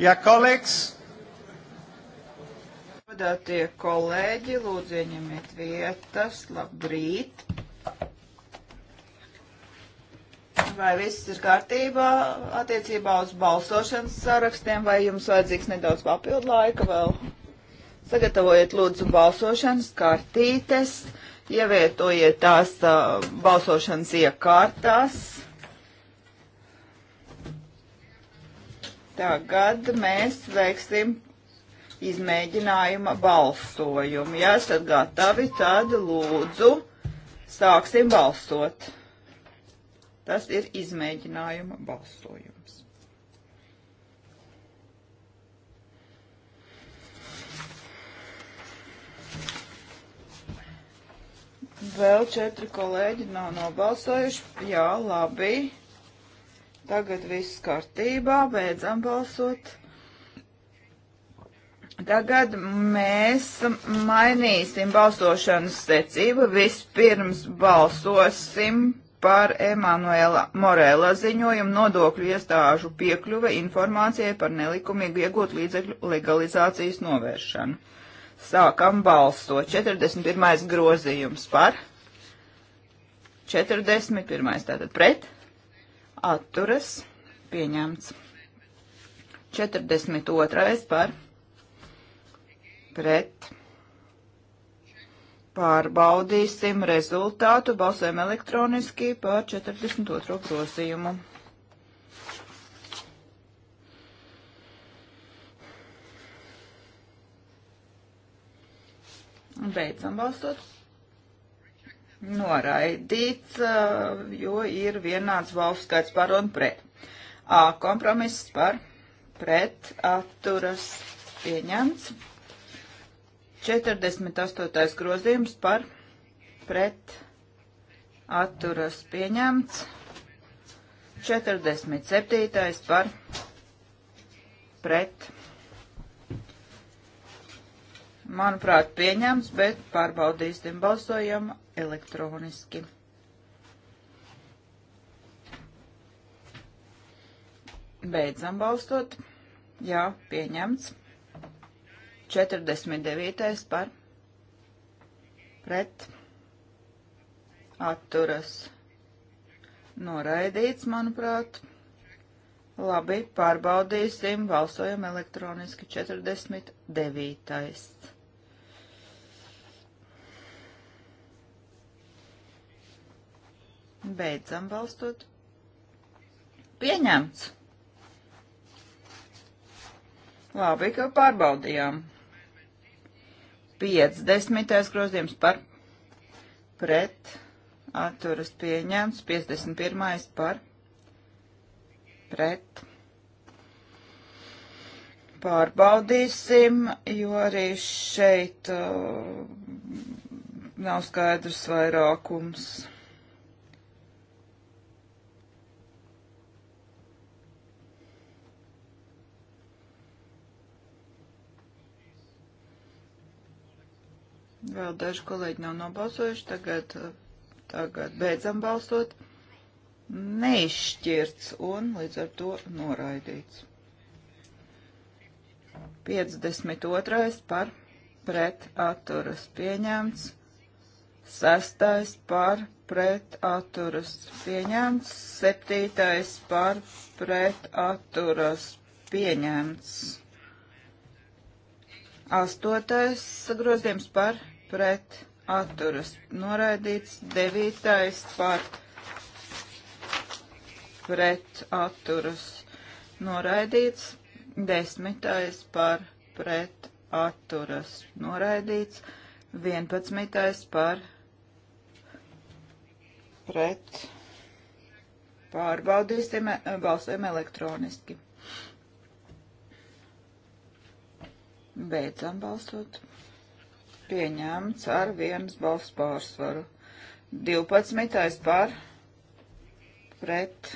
Ja kolēģis. Godātie kolēģi, lūdzu ieņemiet vietas. Labrīt. Vai viss ir kārtībā attiecībā uz balsošanas sarakstiem, vai jums vajadzīgs nedaudz papildu laika vēl? Sagatavojiet lūdzu balsošanas kartītes, ievietojiet tās uh, balsošanas iekārtās Tagad mēs veiksim izmēģinājuma balsojumu. Ja esat gatavi, tad lūdzu sāksim balsot. Tas ir izmēģinājuma balsojums. Vēl četri kolēģi nav nobalsojuši. Jā, labi. Tagad viss kārtībā, beidzam balsot. Tagad mēs mainīsim balsošanas secību. Vispirms balsosim par Emanuela Morela ziņojumu nodokļu iestāžu piekļuve informācijai par nelikumīgu iegūt līdzekļu legalizācijas novēršanu. Sākam balsot. 41. grozījums par. 41. tātad pret atturas pieņemts. 42. par pret. Pārbaudīsim rezultātu. Balsojam elektroniski par 42. grozījumu. Beidzam balsot noraidīts, eh, jo ir vienāds valsts skaits par un pret. A kompromiss par pret atturas pieņemts. 48. grozījums par pret atturas pieņemts. 47. par pret manuprāt, pieņems, bet pārbaudīsim balsojam elektroniski. Beidzam balstot. Jā, pieņemts. 49. par pret atturas noraidīts, manuprāt. Labi, pārbaudīsim, balsojam elektroniski 49. Beidzam balstot. Pieņemts. Labi, ka pārbaudījām. 50. grozījums par pret atturas pieņemts, 51. par pret. Pārbaudīsim, jo arī šeit uh, nav skaidrs vairākums. Vēl daži kolēģi nav nobalsojuši. Tagad, tagad beidzam balsot. Neizšķirts un līdz ar to noraidīts. 52. par pret atturas pieņemts. 6. par pret atturas pieņemts. 7. par pret atturas pieņemts. Astotais grozījums par pret atturas noraidīts, devītais par pret atturas noraidīts, desmitais par pret atturas noraidīts, vienpadsmitais par pret pārbaudīsim, balsojam elektroniski. Beidzam balsot pieņemts ar vienas balss pārsvaru. 12. par pret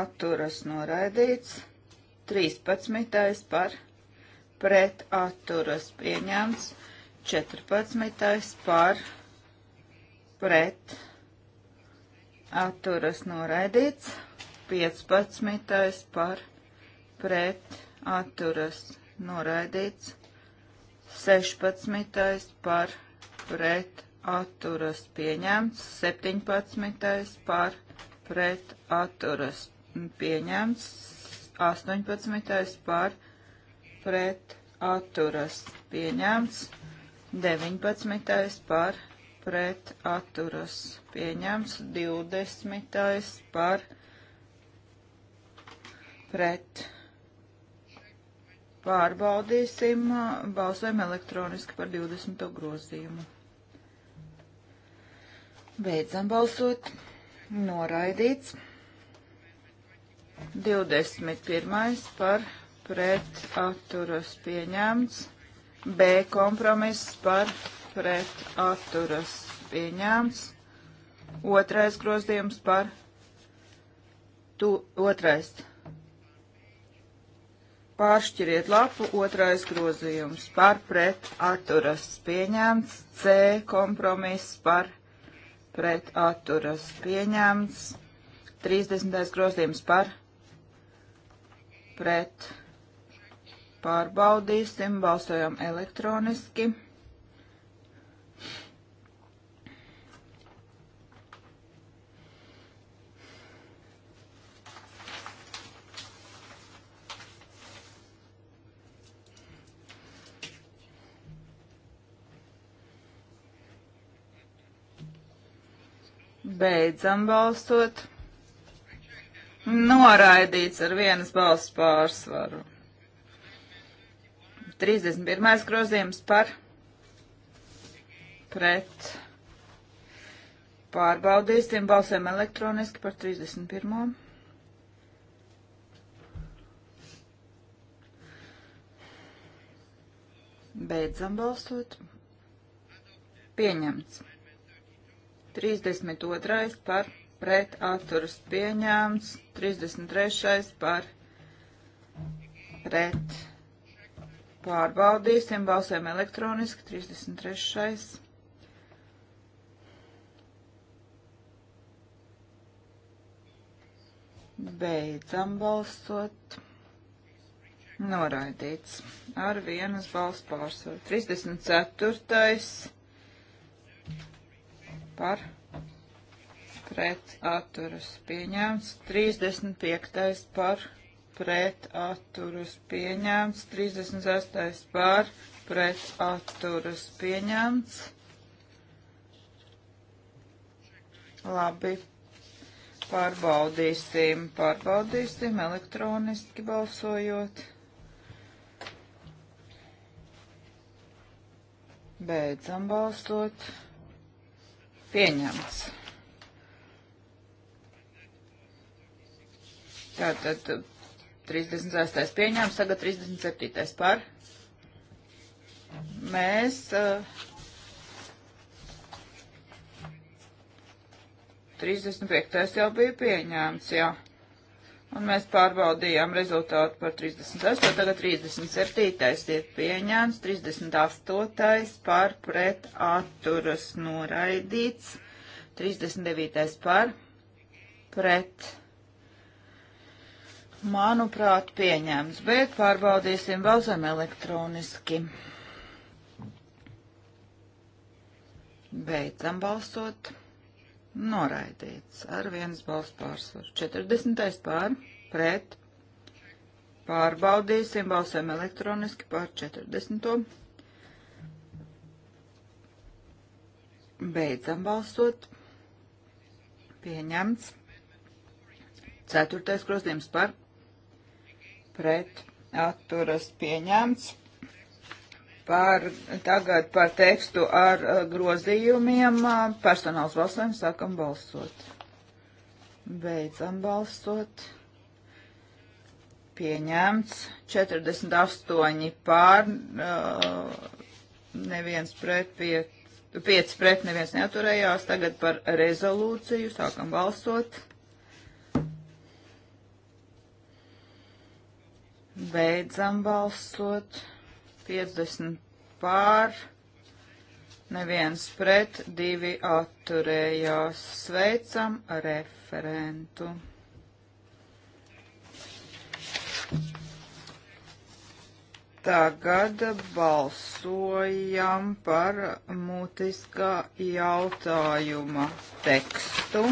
atturas noraidīts, 13. par pret atturas pieņemts, 14. par pret atturas noraidīts, 15. par pret atturas noraidīts, 16. par pret atturas pieņemts, 17. par pret atturas pieņemts, 18. par pret atturas pieņemts, 19. par pret atturas pieņemts, 20. par pret atturas pieņemts Pārbaudīsim, balsojam elektroniski par 20. grozījumu. Beidzam balsot. Noraidīts. 21. par pret atturas pieņemts. B kompromiss par pret atturas pieņemts. Otrais grozījums par tu, otrais Pāršķiriet lapu, otrais grozījums par pret atturas pieņemts, C kompromiss par pret atturas pieņemts, 30. grozījums par pret pārbaudīsim, balsojam elektroniski. Beidzam balsot. Noraidīts ar vienas balss pārsvaru. 31. grozījums par pret. Pārbaudīsim, balsēm elektroniski par 31. Beidzam balsot. Pieņemts. 32. par pret atturas pieņēmts, 33. par pret pārbaudīsim, balsēm elektroniski, 33. Beidzam balsot. Noraidīts ar vienas balss pārsvaru. 34 par pret atturas pieņēmts, 35. par pret atturas pieņēmts, 36. par pret atturas pieņēmts. Labi, pārbaudīsim, pārbaudīsim elektroniski balsojot. Beidzam balsot pieņemts. Tātad 36. pieņēmums, tagad 37. par. Mēs uh, 35. jau bija pieņēmums, jā. Ja. Un mēs pārbaudījām rezultātu par 36. Tagad 37. ir pieņēmts, 38. par pret atturas noraidīts, 39. par pret. Manuprāt, pieņēmts, bet pārbaudīsim vēl zem elektroniski. Beidzam balsot noraidīts ar vienas balss pārsvaru. 40. pār, pret, pārbaudīsim, balsēm elektroniski pār 40. Beidzam balsot, pieņemts. Ceturtais grozījums par, pret, atturas pieņemts par, tagad par tekstu ar eh, grozījumiem. Eh, personāls balsojums sākam balsot. Beidzam balsot. Pieņemts 48 pār, eh, neviens pret 5, 5 pret neviens neaturējās. Tagad par rezolūciju sākam balsot. Beidzam balsot. 50 pār, neviens pret, divi atturējās. Sveicam referentu. Tagad balsojam par mutiskā jautājuma tekstu.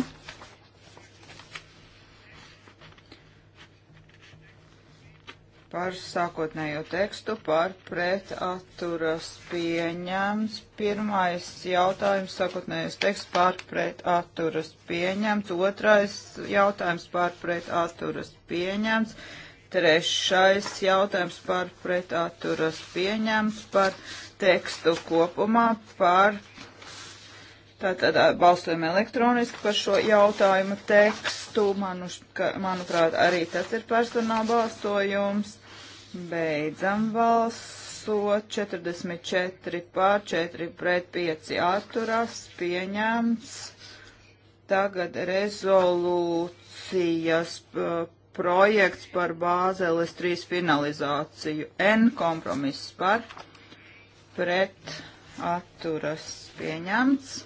par sākotnējo tekstu, par pretaturas pieņemts. Pirmais jautājums, sākotnējais teksts par pretaturas pieņemts. Otrais jautājums par pretaturas pieņemts. Trešais jautājums par pretaturas pieņemts par tekstu kopumā par Tātad balsojam elektroniski par šo jautājumu tekstu. Manu, ka, manuprāt, arī tas ir personāla balsojums. Beidzam balsot. 44 pār 4 pret 5 atturās. Pieņemts. Tagad rezolūcijas projekts par Bāzeles 3 finalizāciju. N kompromiss par pret atturas pieņemts.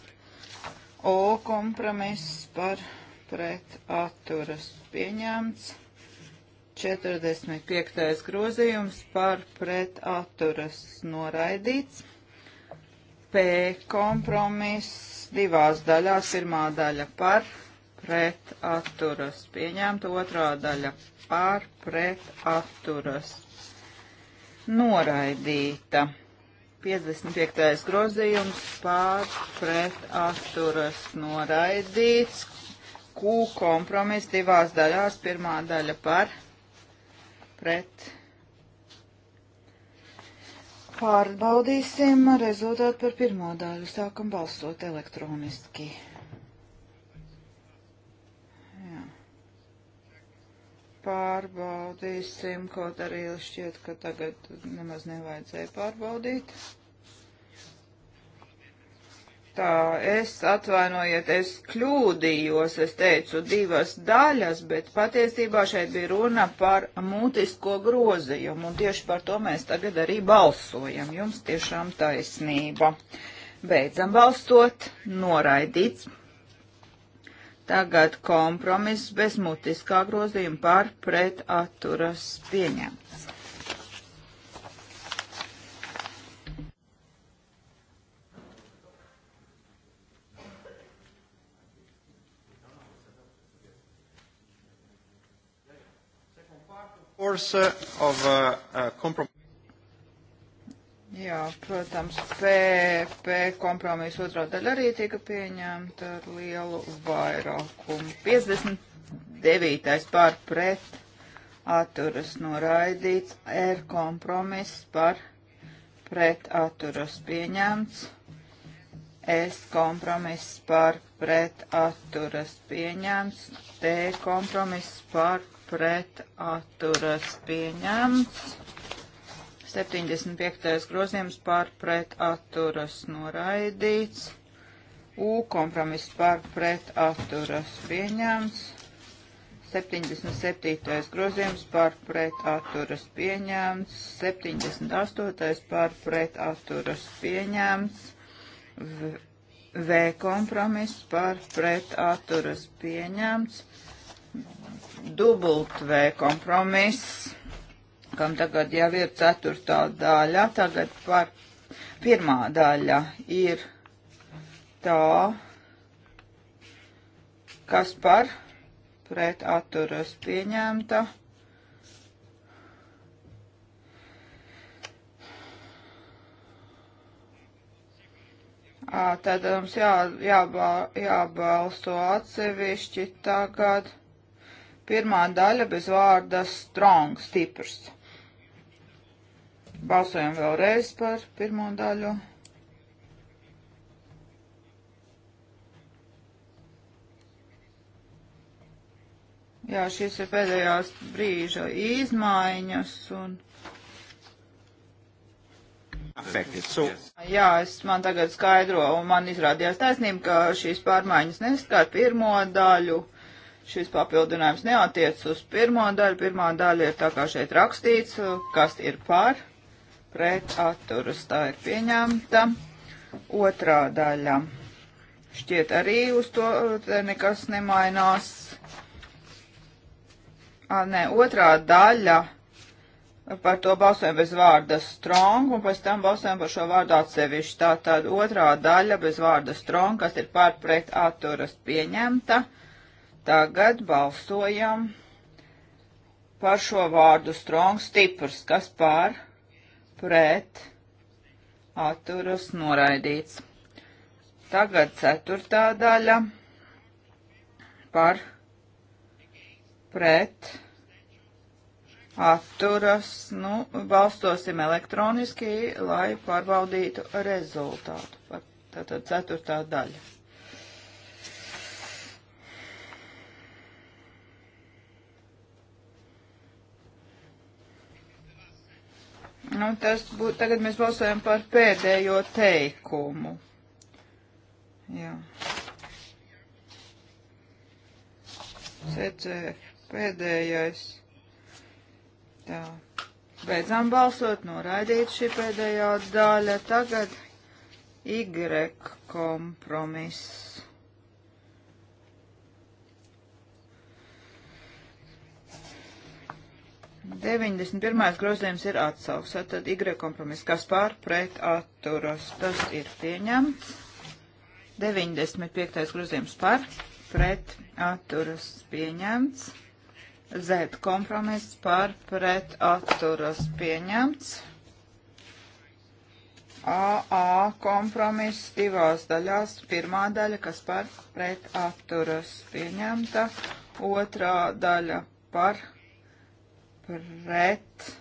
O kompromiss par pret atturas pieņemts. 45. grozījums par pret atturas noraidīts. P kompromiss divās daļās. Pirmā daļa par pret atturas pieņemta, otrā daļa par pret atturas noraidīta. 55. grozījums pār pret atturas noraidīts. Q kompromis divās daļās. Pirmā daļa par pret. Pārbaudīsim rezultātu par pirmo daļu. Sākam balsot elektroniski. pārbaudīsim, kaut arī šķiet, ka tagad nemaz nevajadzēja pārbaudīt. Tā, es atvainojiet, es kļūdījos, es teicu divas daļas, bet patiesībā šeit bija runa par mutisko grozījumu, un tieši par to mēs tagad arī balsojam. Jums tiešām taisnība. Beidzam balstot, noraidīts. Tagad kompromiss bez mutiskā grozījuma par pret atturas pieņemts. Of, uh, uh, Jā, protams, PP kompromisa otrā daļa arī tika pieņemta ar lielu vairākumu. 59. pār pret atturas noraidīts, R kompromiss par pret atturas pieņemts, S kompromiss par pret atturas pieņemts, T kompromiss par pret atturas pieņemts. 75. grozījums par pret atturas noraidīts. U kompromiss par pret atturas pieņemts. 77. grozījums par pret atturas pieņemts. 78. par pret atturas pieņemts. V, v kompromiss par pret atturas pieņemts. Dubult V kompromiss kam tagad jau ir ceturtā daļa, tagad par pirmā daļa ir tā, kas par pret atturas pieņemta. Tātad mums jā, jābā, jābalso atsevišķi tagad. Pirmā daļa bez vārda strong, stiprs. Balsojam vēlreiz par pirmo daļu. Jā, šis ir pēdējās brīža izmaiņas un. So. Jā, es man tagad skaidro, un man izrādījās taisnība, ka šīs pārmaiņas neskar pirmo daļu. Šis papildinājums neatiec uz pirmo daļu. Pirmā daļa ir tā kā šeit rakstīts, kas ir par pret atturus. Tā ir pieņemta. Otrā daļa. Šķiet arī uz to nekas nemainās. A, nē, otrā daļa par to balsojumu bez vārda strong, un pēc tam balsojumu par šo vārdu atsevišķi. Tā tad otrā daļa bez vārda strong, kas ir pārpret atturas pieņemta. Tagad balsojam par šo vārdu strong, stiprs, kas pār pret atturas noraidīts. Tagad ceturtā daļa par pret atturas, nu, balstosim elektroniski, lai pārbaudītu rezultātu. Tātad ceturtā daļa. Nu, tas būtu, tagad mēs balsojam par pēdējo teikumu. Jā. Secē, pēdējais. Tā. Beidzām balsot, noraidīt šī pēdējā daļa. Tagad Y kompromiss. 91. grozījums ir atsauks, tad Y kompromiss, kas pār pret atturas, tas ir pieņemts. 95. grozījums par pret atturas pieņemts. Z kompromiss par pret atturas pieņemts. AA kompromiss divās daļās. Pirmā daļa, kas par pret atturas pieņemta. Otrā daļa par pret pret.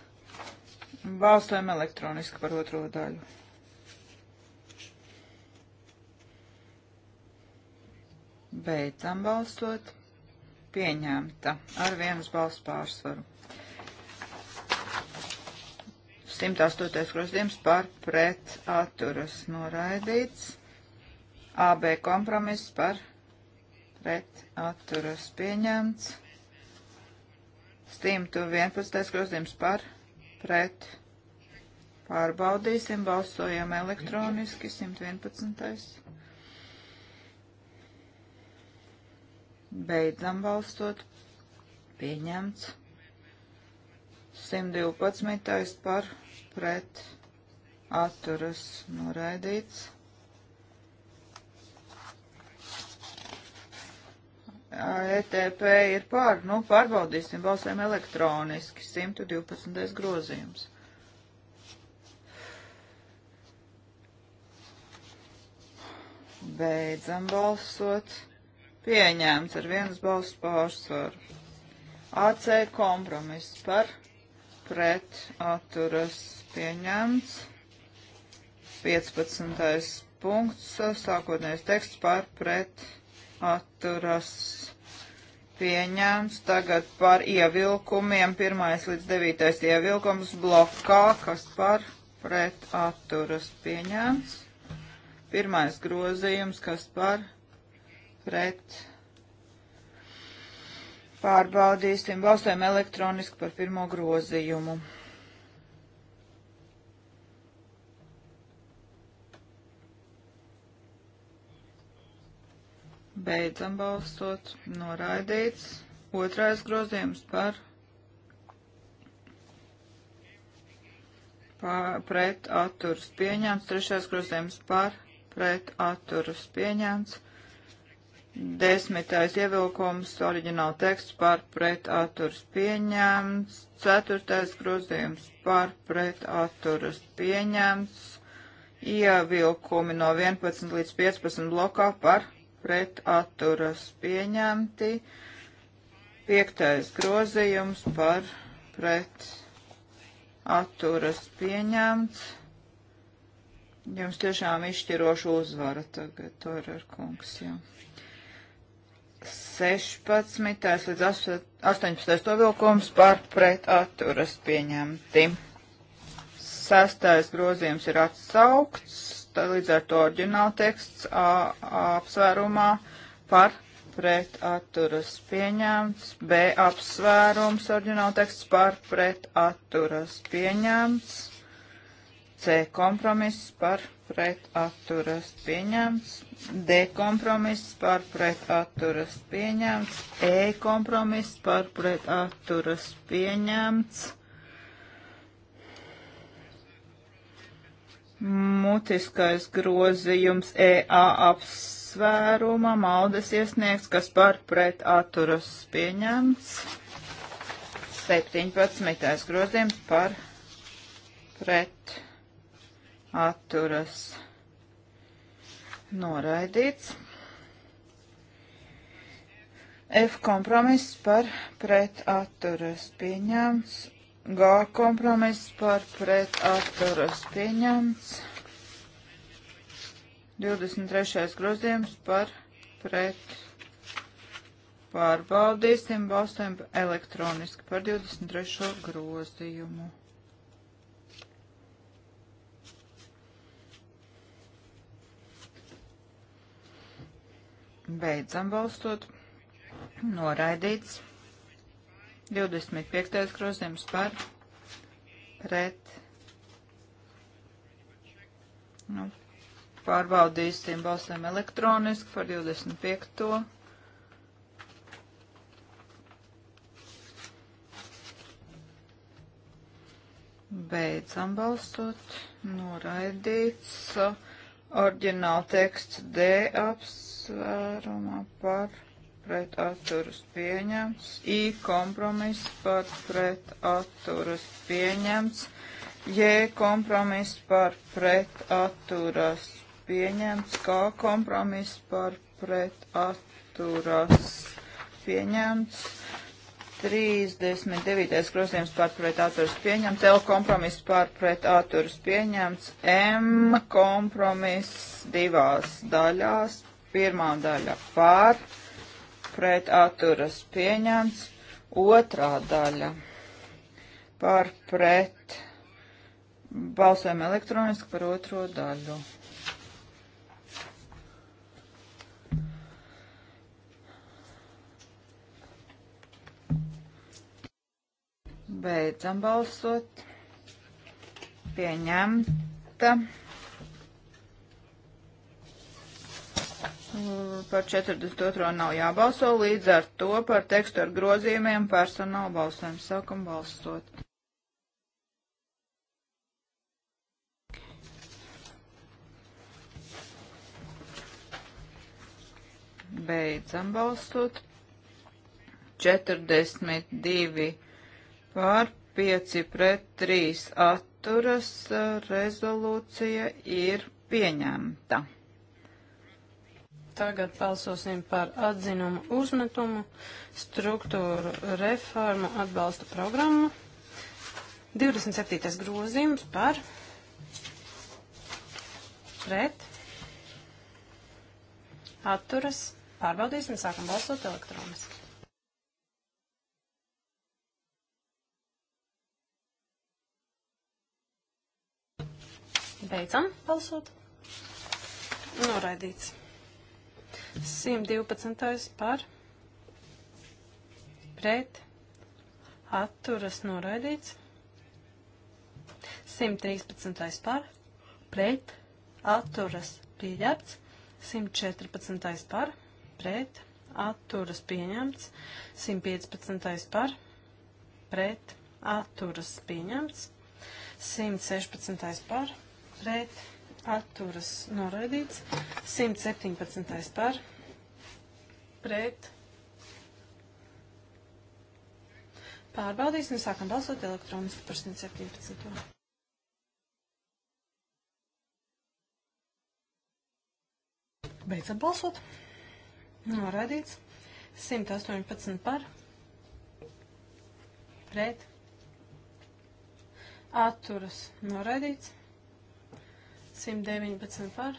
Balsojam elektroniski par otro daļu. Beidzam balsot. Pieņemta ar vienas balss pārsvaru. 108. grozījums par pret atturas noraidīts. AB kompromiss par pret atturas pieņemts. 111. grozījums par pret. Pārbaudīsim, balsojam elektroniski 111. Beidzam balstot. Pieņemts. 112. par pret atturas noraidīts. ETP ir pār, nu, pārbaudīsim, balsēm elektroniski, 112. grozījums. Beidzam balsot. Pieņēmts ar vienas balsts pārsvaru. AC kompromiss par pret atturas pieņemts. 15. punkts, sākotnējais teksts par pret atturas atturas pieņēmts. Tagad par ievilkumiem. Pirmais līdz devītais ievilkums blokā, kas par pret atturas pieņēmts. Pirmais grozījums, kas par pret. Pārbaudīsim, balsojam elektroniski par pirmo grozījumu. Beidzam balsot. Noraidīts. Otrais grozījums par pret atturus pieņemts, trešais grozījums par pret atturus pieņemts, desmitais ievilkums, oriģināla teksts par pret atturus pieņemts, ceturtais grozījums par pret atturus pieņemts, ievilkumi no 11 līdz 15 blokā par pret atturas pieņemti. Piektais grozījums par pret atturas pieņemts. Jums tiešām izšķiroša uzvara tagad, Torer kungs, jā. 16. līdz 18. novilkums par pret atturas pieņemti. Sestais grozījums ir atsaukts, Tā, līdz ar to orģināla teksts A, A apsvērumā par pret atturas pieņemts, B apsvērums orģināla teksts par pret atturas pieņemts, C kompromiss par pret atturas pieņemts, D kompromiss par pret atturas pieņemts, E kompromiss par pret atturas pieņemts. mutiskais grozījums EA apsvēruma maldes iesniegts, kas par pret atturas pieņemts. 17. grozījums par pret atturas noraidīts. F kompromiss par pret atturas pieņemts G kompromiss par pret atturas pieņemts. 23. grozījums par pret pārbaudīsim balsojumu elektroniski par 23. grozījumu. Beidzam balstot. Noraidīts. 25. grozījums par pret. Nu, pārbaudīsim balsēm elektroniski par 25. Beidzam balsot. Noraidīts. Oriģināla teksts D apsvērumā par pret pret atturus pieņemts, I kompromiss par pret atturus pieņemts, J kompromiss par pret atturas pieņemts, K kompromiss par pret atturas pieņemts, 39. grozījums par pret atturas pieņemts, L kompromiss par pret atturas pieņemts, M kompromiss divās daļās, pirmā daļa par pret pret atturas pieņemts. Otrā daļa par pret balsojam elektroniski par otro daļu. Beidzam balsot. Pieņemta. Par 42. nav jābalso, līdz ar to par tekstu ar grozījumiem personāla balsojumu sākam balsot. Beidzam balsot. 42 pār 5 pret 3 atturas rezolūcija ir pieņemta. Tagad balsosim par atzinumu uzmetumu, struktūru reformu atbalsta programmu. 27. grozījums par pret atturas pārbaudīsim, sākam balsot elektroniski. Beidzam balsot. Noraidīts. 112. par pret atturas noraidīts. 113. par pret atturas pieļemts. 114. par pret atturas pieņemts. 115. par pret atturas pieņemts. 116. par pret atturas noraidīts, 117. par, pret, pārbaudīsim, sākam balsot elektroniski par 117. Beidzot balsot, noraidīts, 118 par, pret, atturas noraidīts, 119 par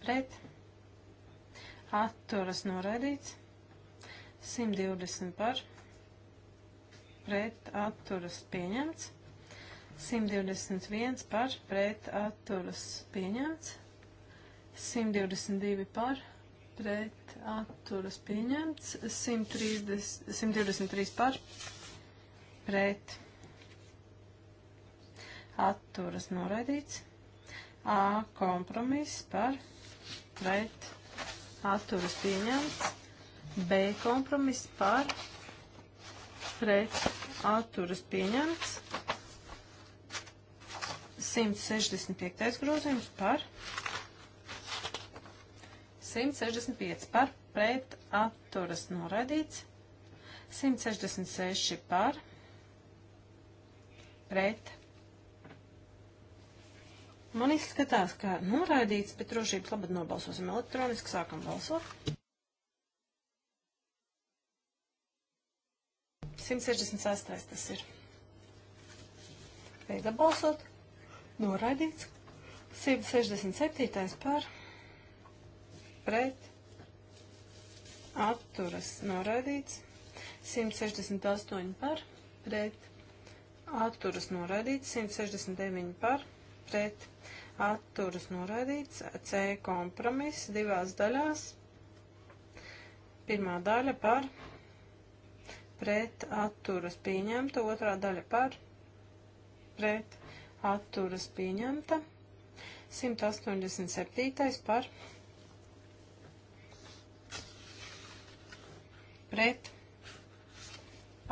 pret atturas noraidīts. 120 par pret atturas pieņemts. 121 par pret atturas pieņemts. 122 par pret atturas pieņemts. 130, 123 par pret atturas pieņemts atturas noraidīts. A kompromiss par pret atturas pieņemts. B kompromiss par pret atturas pieņemts. 165. grozījums par 165 par pret atturas noraidīts. 166 par pret Man izskatās, ka noraidīts, bet drošības labad nobalsosim elektroniski, sākam balsot. 168. tas ir. Beidzam balsot. Noraidīts. 167. par. Pret. Atturas. Noraidīts. 168 par. Pret. Atturas. Noraidīts. 169 par pret atturas noraidīts. C kompromiss divās daļās. Pirmā daļa par pret atturas pieņemta, otrā daļa par pret atturas pieņemta. 187. par pret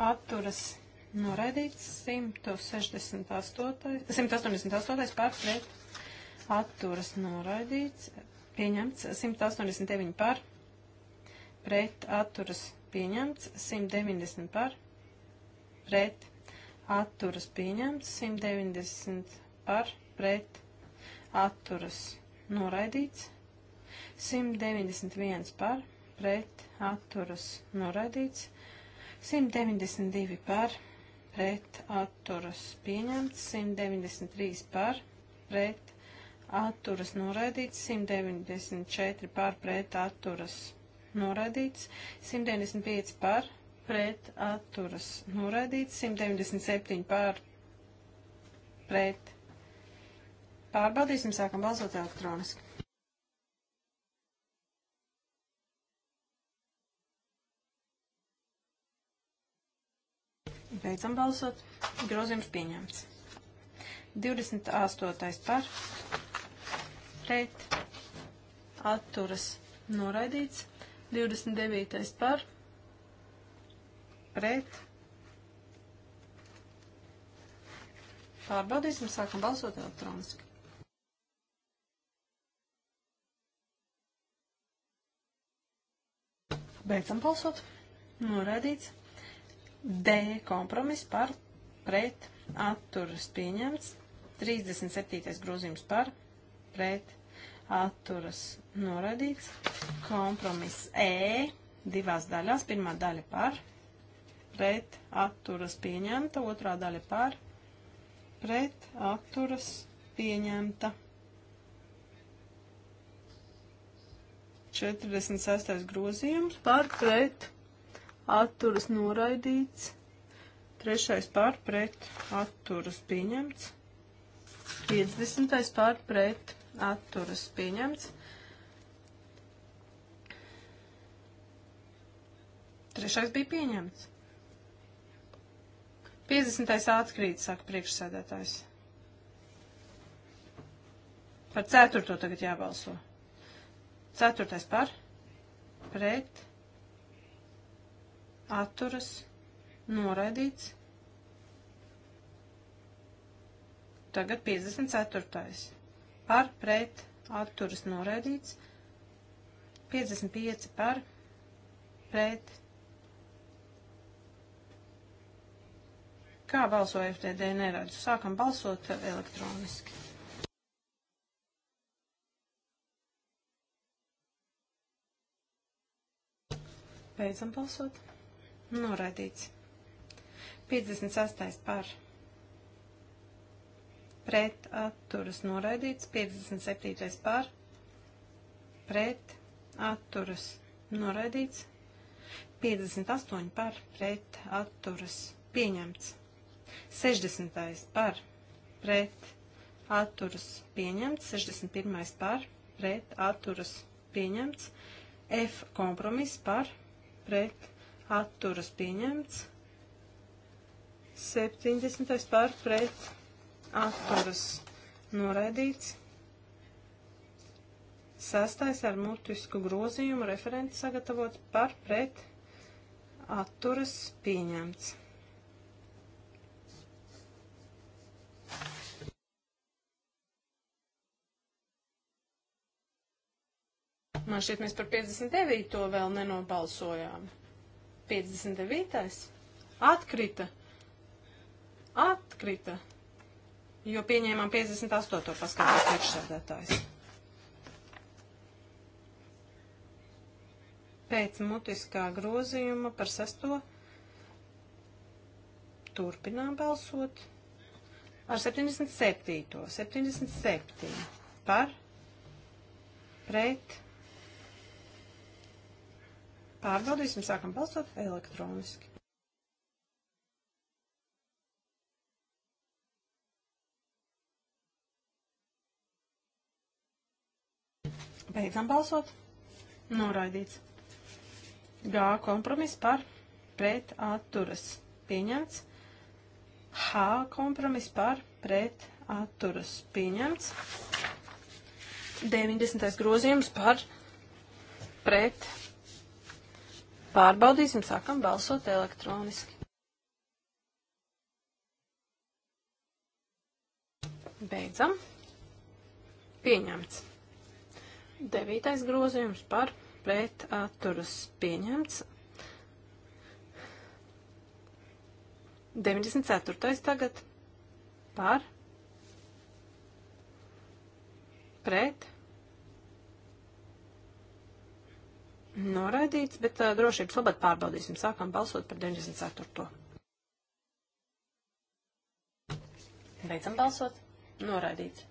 atturas pieņemta Noraidīts 168, 188 par pret atturas noraidīts, pieņemts 189 par, pret atturas pieņemts 190 par, pret atturas pieņemts 190 par, pret atturas noraidīts 191 par, pret atturas noraidīts 192 par, pret pret atturas pieņemts, 193 par pret atturas noraidīts, 194 par pret atturas noraidīts, 195 par pret atturas noraidīts, 197 par pret. Pārbaudīsim, sākam balsot elektroniski. Beidzam balsot. Grozījums pieņemts. 28. par. Pret. Atturas noraidīts. 29. par. Pret. Pārbaudīsim, sākam balsot elektroniski. Beidzam balsot. Noraidīts. D kompromiss par pret atturas pieņemts. 37. grozījums par pret atturas noradīts. Kompromiss E divās daļās. Pirmā daļa par pret atturas pieņemta. Otrā daļa par pret atturas pieņemta. 46. grozījums par pret atturas noraidīts, trešais pār pret atturas pieņemts, 50. pār pret atturas pieņemts, trešais bija pieņemts. 50. atkrīt, saka priekšsēdētājs. Par ceturto tagad jābalso. Ceturtais par, pret, atturas, noraidīts. Tagad 54. par pret atturas noraidīts. 55 par pret. Kā balsoja FTD neredzu? Sākam balsot elektroniski. Beidzam balsot. Noraidīts. 58. par. Pret atturas noraidīts. 57. par. Pret atturas noraidīts. 58 par. Pret atturas pieņemts. 60. par. Pret atturas pieņemts. 61. par. Pret atturas pieņemts. F kompromiss par. Pret atturas pieņemts atturas pieņemts. 70. par pret atturas noraidīts. Sastais ar mutisku grozījumu referents sagatavots par pret atturas pieņemts. Man šķiet, mēs par 59. vēl nenobalsojām. 59. atkrita. Atkrita. Jo pieņēmām 58. paskatās priekšsēdētājs. Pēc mutiskā grozījuma par sesto turpinām balsot ar 77. 77 par pret Pārbaudīsim, sākam balsot elektroniski. Beidzam balsot. Noraidīts. G kompromiss par pret atturas. Pieņemts. H kompromiss par pret atturas. Pieņemts. 90. grozījums par pret atturas Pārbaudīsim, sākam balsot elektroniski. Beidzam. Pieņemts. Devītais grozījums par pret atturas pieņemts. 94. tagad par pret noraidīts, bet uh, drošības labāk pārbaudīsim. Sākam balsot par 94. Beidzam balsot. Noraidīts.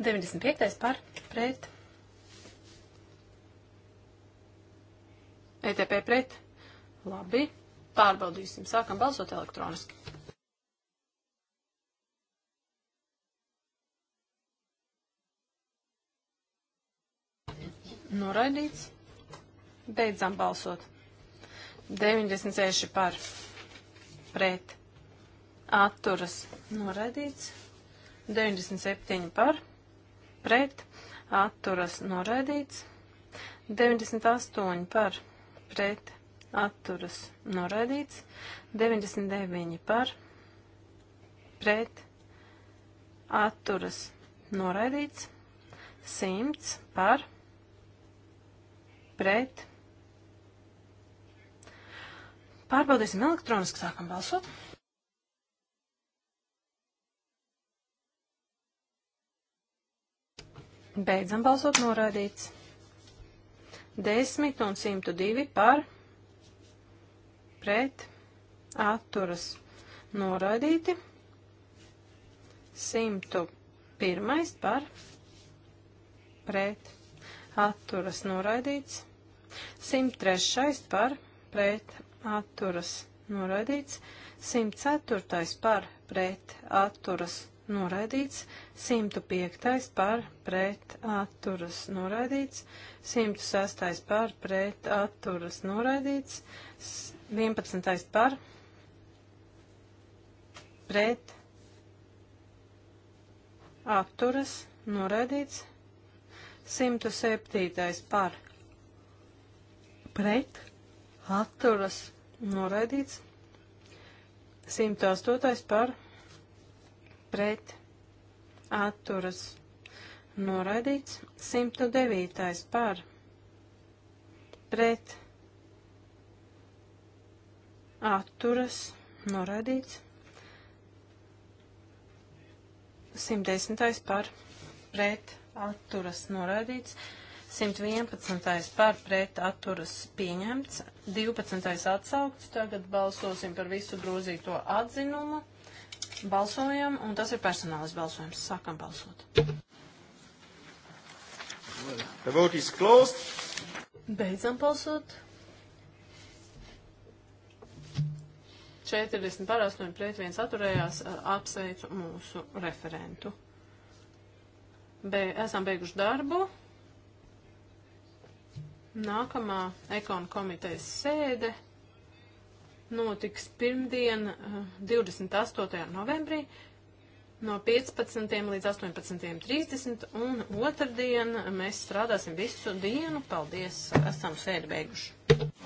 95. par pret. ETP pret. Labi. Pārbaudīsim. Sākam balsot elektroniski. Noraidīts. Beidzam balsot. 96 par pret atturas noraidīts. 97 par pret atturas noraidīts. 98 par pret atturas noraidīts. 99 par pret atturas noraidīts. 100 par pret pret. Pārbaudīsim elektroniski, sākam balsot. Beidzam balsot noraidīts. 10 un 102 par pret atturas noraidīti. 101 par pret atturas noraidīts. 103. par pret atturas noraidīts, 104. par pret atturas noraidīts, 105. par pret atturas noraidīts, 106. par pret atturas noraidīts, 11. par pret atturas noraidīts, 107. par pret pret atturas noraidīts. 108. par pret atturas noraidīts. 109. par pret atturas noraidīts. 110. par pret atturas noraidīts. 111. par pret atturas pieņemts, 12. atsaukts, tagad balsosim par visu grozīto atzinumu. Balsojam, un tas ir personālis balsojums. Sākam balsot. The vote is closed. Beidzam balsot. 40 par 8 pret 1 atturējās, apsveicu mūsu referentu. Be, esam beiguši darbu. Nākamā ekonu komitejas sēde notiks pirmdien 28. Eh, novembrī no 15. līdz 18.30 un otrdien mēs strādāsim visu dienu. Paldies, esam sēdi beiguši.